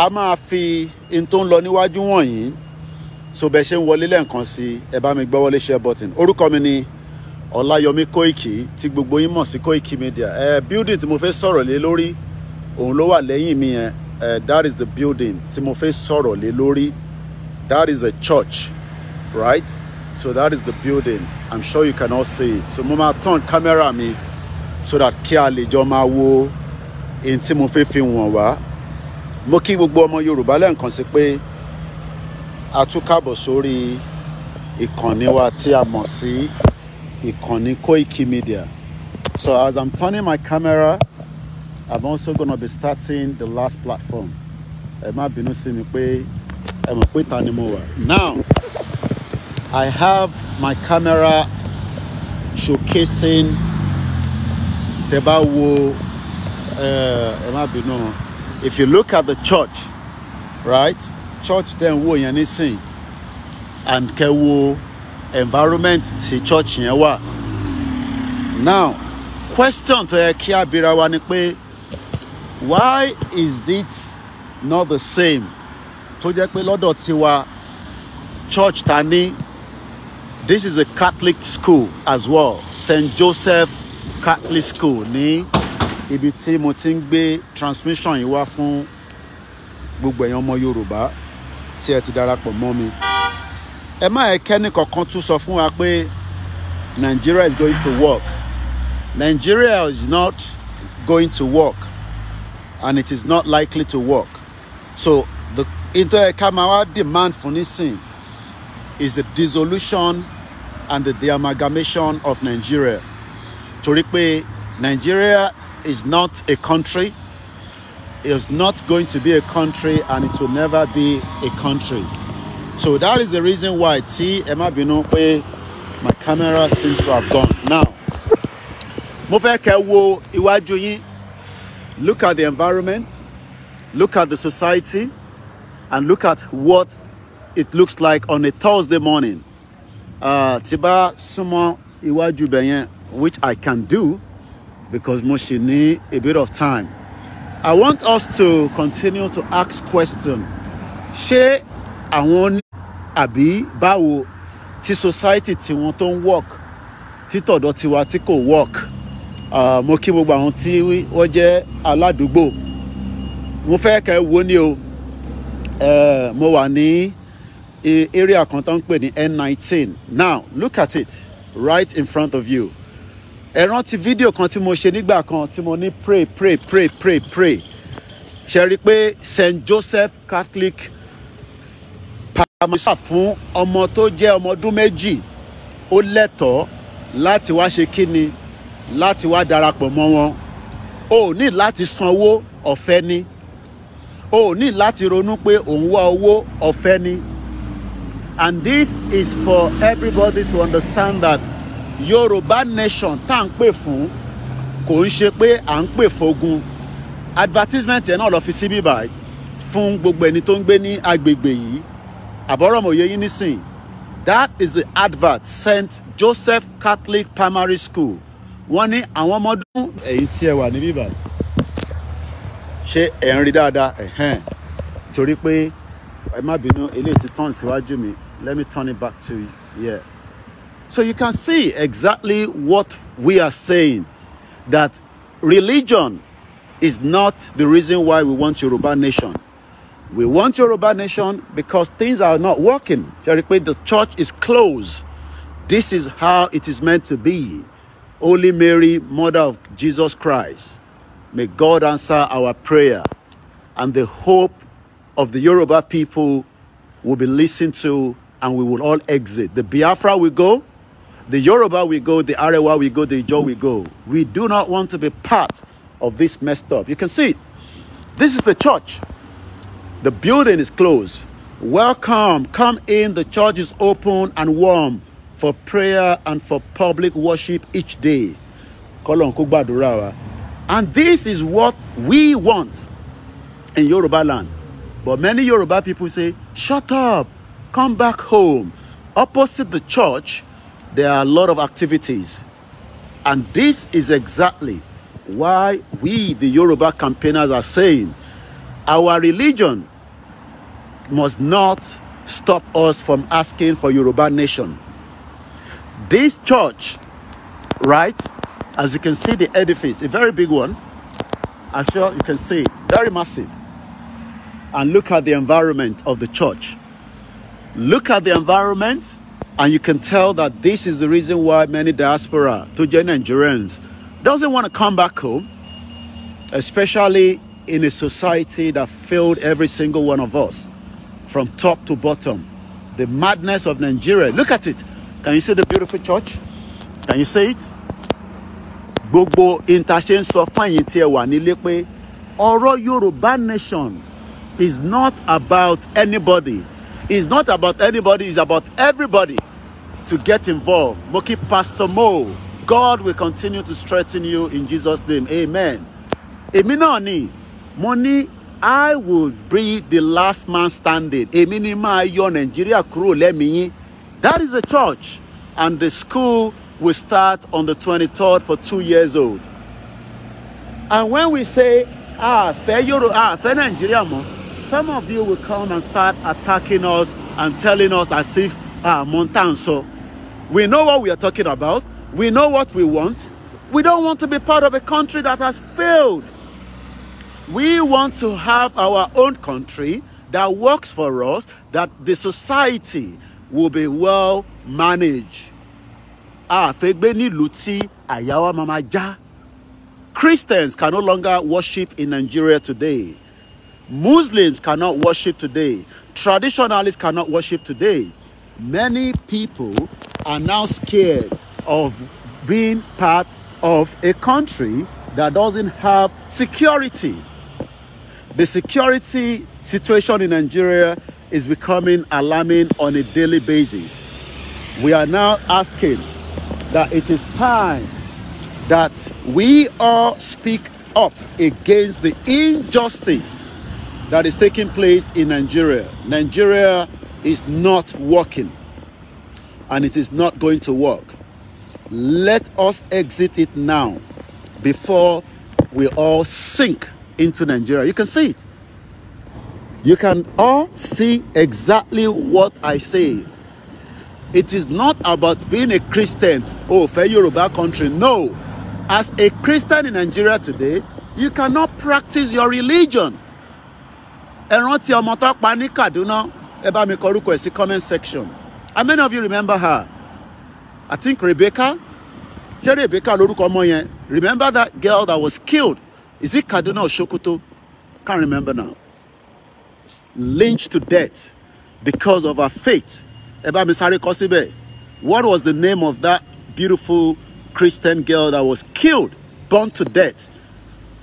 a máa fi in tó ń lọ níwájú wọ̀nyí so bẹ́ẹ̀ ṣe ń wọlé lẹ́ẹ̀kan sí ẹ bá mi gbọ́ wọlé share button orúkọ mi ni ọláyọmí kóìkì tí gbogbo yín mọ̀ sí kóìkì media ẹ building tí mo fẹ́ sọ̀rọ̀ lé lórí òun ló wà lẹ́yìn mi yẹn eh, that is the building tí mo fẹ́ sọ̀rọ̀ lé lórí that is a church right so that is the building i'm sure you can all see it so mo máa turn camera mi so that kí a lè jọ máa wo ohun tí mo fẹ́ fi wọ̀n wá mo kí gbogbo ọmọ yorùbá lẹ́ǹkan sí pé a tún káàbọ̀ sórí ìkànnì wa tí a mọ̀ sí ìkànnì Koiki Media so as i'm turning my camera i'm also gonna be starting the last platform ẹ má bínú sí mi pé ẹ mọ̀ pé ta ni mo wà now i have my camera showcasing tẹ bá wo eh, ẹ má bínú if you look at the church right church then ń wò and kẹ́ environment tí church yẹn wà now question to yẹ kí abira wa ni pé why is it not the same tó jẹ́ pé lọ́dọ̀ wa. church tani. this is a Catholic school as well St. Joseph Catholic School ní ibi tí mo ti ń gbé transmission yìí wá fún gbogbo ẹ̀yàn ọmọ Yorùbá tí ẹ ti darapọ̀ mọ́ mi ẹ má ẹ kẹ́ni kankan tún sọ fún wa pé Nigeria is going to work Nigeria is not going to work and it is not likely to work so the interkamawa demand for nisin is the dissolution and the amalgamation of Nigeria torí pé Nigeria is not a country. Is not going to be a country and it will never be a country. So that is the reason why T Emma má bínú my camera seems to have gone. Now, mo fẹ́ Look at the environment, look at the society, and look at what it looks like on a Thursday morning. Uh, Tiba bá súnmọ́ which I can do because mo ṣì ní a bit of time i want us to continue to ask question ṣé àwọn àbí báwo tí society tiwọn tó ń work tí tọ̀dọ̀ tiwa tí kò work uh, mo kí gbogbo àwọn tí wọ́n jẹ́ aládùúgbò mo fẹ́ kẹ́ wo ni o uh, mo wà ní area kan tó ń pè ní n 19 now look at it right in front of you ẹ rántí fídíò kan tí mo ṣe nígbà kan tí mo ní pray pray pray pray pray ṣe rí i pé St Joseph Catholic pamisa fún ọmọ tó jẹ́ ọmọ ọdún méjì ó lẹ́tọ̀ọ́ láti wá ṣe kíni láti wá darapọ̀ mọ́ wọn o ní láti sanwó ọ̀fẹ́ ni o ní láti ronú pé òun wá owó ọ̀fẹ́ ni and this is for everybody to understand that yorùbá nation tá à ń pè fún kò ń ṣe pé à ń pè fogun advertisement yẹn náà lọ fi síbí báyìí fún gbogbo ẹni tó ń gbé ní agbègbè yìí àbọ̀rọ̀mọ̀ye yín nísìn that is the advert sent joseph catholic primary school wọ́n ní àwọn ọmọ ọdún. èyí tí ẹ wà níbí báyìí ṣé ẹ̀ ń rí dáadáa ẹ̀hẹ́n torí pé ẹ má bínú eléyìí ti turn síwájú mi let me turn it back to you. Yeah. So you can see exactly what we are saying, that religion is not the reason why we want Yoruba nation. We want Yoruba nation because things are not working. The church is closed. This is how it is meant to be. Holy Mary, Mother of Jesus Christ, may God answer our prayer and the hope of the Yoruba people will be listened to and we will all exit. The Biafra will go, the Yoruba we go, the Arewa we go, the Ijo we go. We do not want to be part of this messed up. You can see This is the church. The building is closed. Welcome. Come in. The church is open and warm for prayer and for public worship each day. And this is what we want in Yoruba land. But many Yoruba people say, shut up, come back home. Opposite the church, there are a lot of activities. And this is exactly why we, the Yoruba campaigners, are saying our religion must not stop us from asking for Yoruba nation. This church, right, as you can see the edifice, a very big one, I'm sure you can see, very massive. And look at the environment of the church. Look at the environment and you can tell that this is the reason why many diaspora, to join Nigerians, doesn't want to come back home, especially in a society that failed every single one of us from top to bottom. The madness of Nigeria. Look at it. Can you see the beautiful church? Can you see it? Gbogbo interchange sọ fáyín tí ẹ ọ̀rọ̀ Yorùbá nation is not about anybody. It's not about anybody, it's about everybody. to get involved. Moki Pastor Mo, God will continue to strengthen you in Jesus' name. Amen. Eminoni, náà I would be the last man standing. Èmi ni Nigeria crew, let me. That is a church and the school will start on the 23rd for two years old. And when we say, ah, fair Euro, ah, fair Nigeria mo, some of you will come and start attacking us and telling us as if, ah, Montanso, We know what we are talking about. We know what we want. We don't want to be part of a country that has failed. We want to have our own country that works for us, that the society will be well managed. Àfẹ́gbé beni luti ayawa mama já. Christians can no longer worship in Nigeria today. Muslims cannot worship today. Traditionalists cannot worship today. Many people are now scared of being part of a country that doesn't have security. The security situation in Nigeria is becoming alarming on a daily basis. We are now asking that it is time that we all speak up against the injustice that is taking place in Nigeria. Nigeria is not working. and it is not going to work. Let us exit it now before we all sink into Nigeria. You can see it. You can all see exactly what I say. It is not about being a Christian or oh, fair Yoruba country. No. As a Christian in Nigeria today, you cannot practice your religion. Ẹ rántí ọmọ tó pa ní Kaduna, ẹ bá mi koruko esi comment section. How many of you remember her? I think Rebecca. Ṣé Rebecca lórúkọ ọmọ yẹn? Remember that girl that was killed? Is it Kaduna or Sokoto? Can't remember now. Lynched to death because of her faith. Ẹ Misari Kosibe. What was the name of that beautiful Christian girl that was killed, burnt to death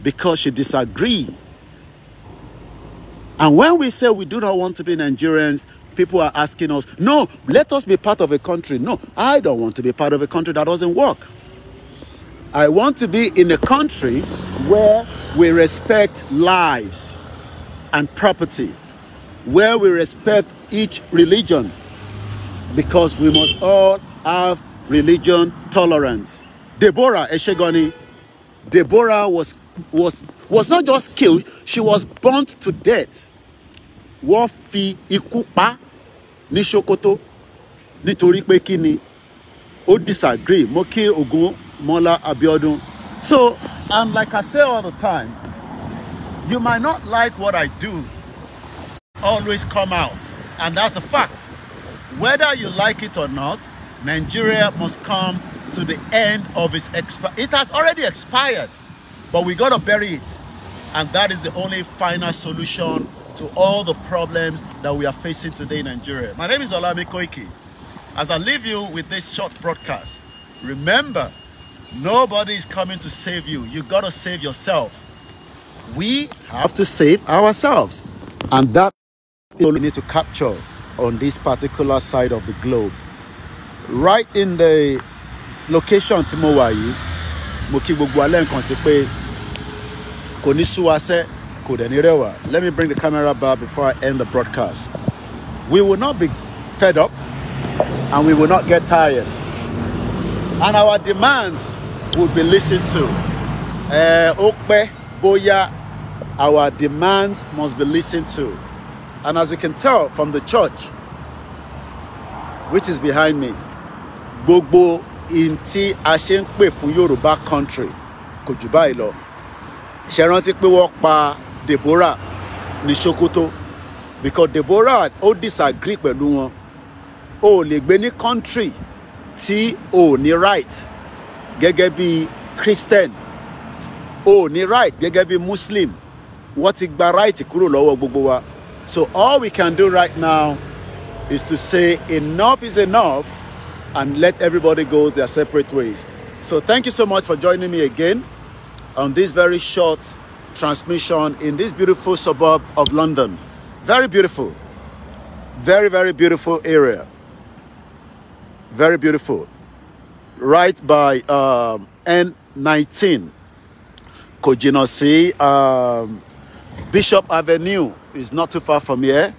because she disagreed? And when we say we do not want to be Nigerians, people are asking us, no, let us be part of a country. No, I don't want to be part of a country that doesn't work. I want to be in a country where we respect lives and property, where we respect each religion, because we must all have religion tolerance. Deborah Eshegoni, Deborah was, was, was not just killed, she was burnt to death wọ́n fi ikú pa ní Sokoto nítorí pé kí ni ó disagree mo kí Ògúnmọ́lá Abíọ́dún so and like I say all the time you might not like what I do always come out and that's the fact whether you like it or not Nigeria must come to the end of its expi- it has already expired but we gotta bury it and that is the only final solution to all the problems that we are facing today in Nigeria. My name is Olami Koiki. As I leave you with this short broadcast, remember, nobody is coming to save you. You got to save yourself. We have to save ourselves. And that is we need to capture on this particular side of the globe. Right in the location tí mo wà yìí, mo kí gbogbo alẹ́ nǹkan sí pé kò ní sú wa yii mo ki kò dẹ̀ ní rẹwà let me bring the camera back before I end the broadcast we will not be fed up and we will not get tired and our demands will be listened to eh, ó pẹ́ bóyá our demands must be listened to and as you can tell from the church which is behind me gbogbo Inti tí a ṣe country kò jù báyìí lọ ṣe rántí pa Deborah ní Sokoto because Deborah ó disagree pẹ̀lú wọn o ò lè gbé ní country tí o ò ní right gẹ́gẹ́ bí Christian o ò ní right gẹ́gẹ́ bí Muslim wọ́n ti gba right kúrò lọ́wọ́ gbogbo wa so all we can do right now is to say enough is enough and let everybody go their separate ways. So thank you so much for joining me again on this very short transmission in this beautiful suburb of London. Very beautiful. Very, very beautiful area. Very beautiful. Right by um, N19. Kojinosi, um, Bishop Avenue is not too far from here.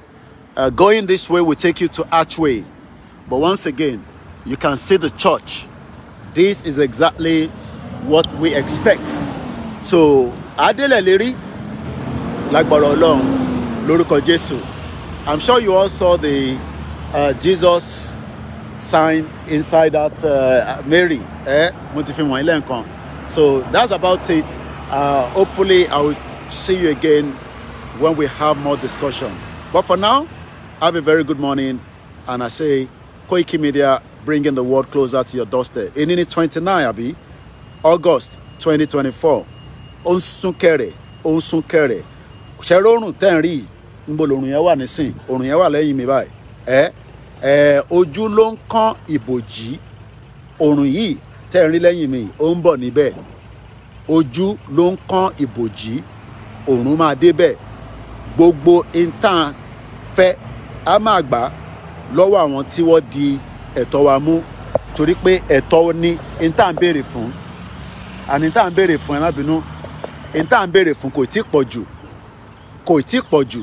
Uh, going this way will take you to Archway. But once again, you can see the church. This is exactly what we expect. So àádélẹ̀ lérí lágbára ọlọ́run lórúkọ jésù i'm sure you all saw the uh, jesus sign inside that uh, mary eh? mo ti fi wọ̀nyí lẹ́ẹ̀kan so that's about it uh, hopefully i will see you again when we have more discussion but for now have a very good morning and i say koiki media bringing the world closer to your doorstep èyí twenty nine Abi, august twenty twenty four ó ń sún kẹrẹ̀ ó ń sún kẹrẹ̀ ṣẹ́rẹ́ òrùn tẹ̀ ń rí i níbo lòrùn yẹn wà nísìn òrùn yẹn wà lẹ́yìn mi báyìí ẹ ẹ ojú ló ń kán ìbòjì òrùn yìí tẹ̀ ń rí lẹ́yìn mi ó ń bọ̀ níbẹ̀ ojú ló ń kán ìbòjì òrùn máa débẹ̀ gbogbo intan fẹ́ a máa gbà lọ́wọ́ àwọn tí wọ́n di ẹ̀tọ́ wa mú torí pé ẹ̀tọ́ ni intan béèrè fún àní intan béèrè fún ẹ má bínú n tá à ń béèrè fún kò tí pọ̀ jù kò tí pọ̀ jù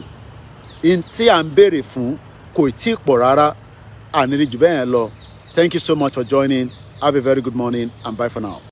n tí à ń béèrè fún kò tí pọ̀ rárá àníríjù bẹ́ẹ̀ yẹn lọ thank you so much for joining have a very good morning and bye for now.